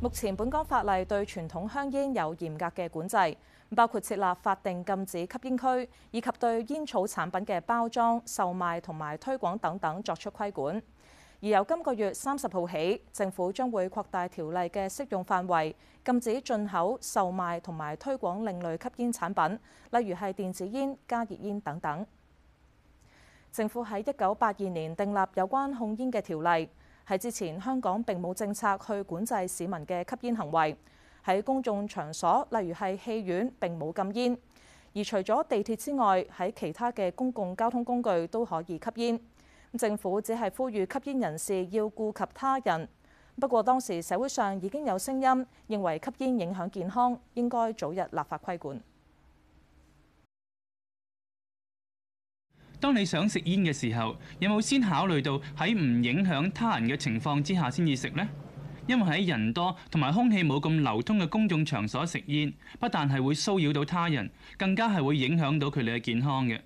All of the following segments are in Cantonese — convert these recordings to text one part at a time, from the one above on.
目前本港法例對傳統香煙有嚴格嘅管制，包括設立法定禁止吸煙區，以及對煙草產品嘅包裝、售賣同埋推廣等等作出規管。而由今個月三十號起，政府將會擴大條例嘅適用範圍，禁止進口、售賣同埋推廣另類吸煙產品，例如係電子煙、加熱煙等等。政府喺一九八二年訂立有關控煙嘅條例。喺之前香港並冇政策去管制市民嘅吸煙行為，喺公眾場所例如係戲院並冇禁煙，而除咗地鐵之外，喺其他嘅公共交通工具都可以吸煙，政府只係呼籲吸煙人士要顧及他人。不過當時社會上已經有聲音，認為吸煙影響健康，應該早日立法規管。當你想食煙嘅時候，有冇先考慮到喺唔影響他人嘅情況之下先至食呢？因為喺人多同埋空氣冇咁流通嘅公眾場所食煙，不但係會騷擾到他人，更加係會影響到佢哋嘅健康嘅。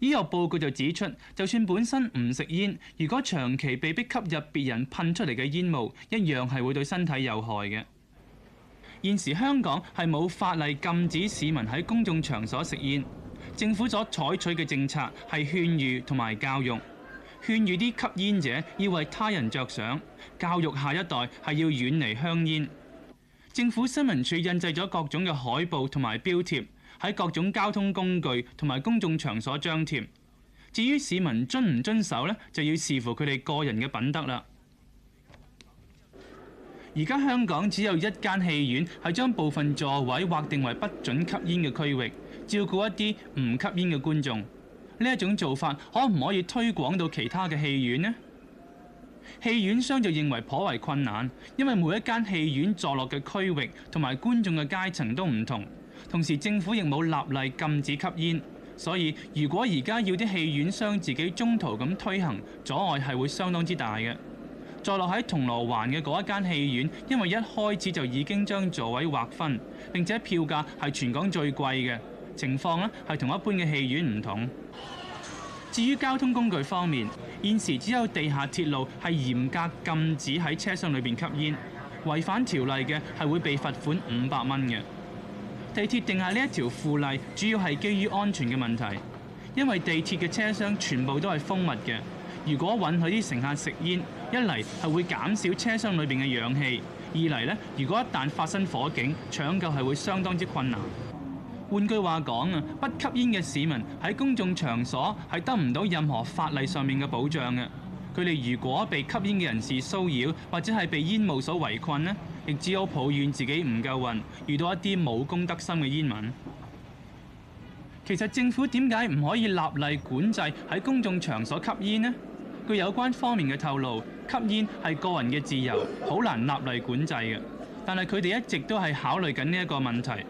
醫學報告就指出，就算本身唔食煙，如果長期被逼吸入別人噴出嚟嘅煙霧，一樣係會對身體有害嘅。現時香港係冇法例禁止市民喺公眾場所食煙。政府所採取嘅政策係勸喻同埋教育，勸喻啲吸煙者要為他人着想，教育下一代係要遠離香煙。政府新聞處印製咗各種嘅海報同埋標貼，喺各種交通工具同埋公眾場所張貼。至於市民遵唔遵守呢，就要視乎佢哋個人嘅品德啦。而家香港只有一間戲院係將部分座位劃定為不准吸煙嘅區域，照顧一啲唔吸煙嘅觀眾。呢一種做法可唔可以推廣到其他嘅戲院呢？戲院商就認為頗為困難，因為每一間戲院坐落嘅區域同埋觀眾嘅階層都唔同，同時政府亦冇立例禁止吸煙，所以如果而家要啲戲院商自己中途咁推行，阻礙係會相當之大嘅。坐落喺銅鑼灣嘅嗰一間戲院，因為一開始就已經將座位劃分，並且票價係全港最貴嘅情況，呢係同一般嘅戲院唔同。至於交通工具方面，現時只有地下鐵路係嚴格禁止喺車廂裏邊吸煙，違反條例嘅係會被罰款五百蚊嘅。地鐵定下呢一條附例，主要係基於安全嘅問題，因為地鐵嘅車廂全部都係封密嘅。如果允許啲乘客食煙，一嚟係會減少車廂裏邊嘅氧氣，二嚟呢，如果一旦發生火警，搶救係會相當之困難。換句話講啊，不吸煙嘅市民喺公眾場所係得唔到任何法例上面嘅保障嘅。佢哋如果被吸煙嘅人士騷擾，或者係被煙霧所圍困呢，亦只好抱怨自己唔夠運，遇到一啲冇公德心嘅煙民。其實政府點解唔可以立例管制喺公眾場所吸煙呢？據有關方面嘅透露。吸煙係個人嘅自由，好難立例管制嘅。但係佢哋一直都係考慮緊呢一個問題。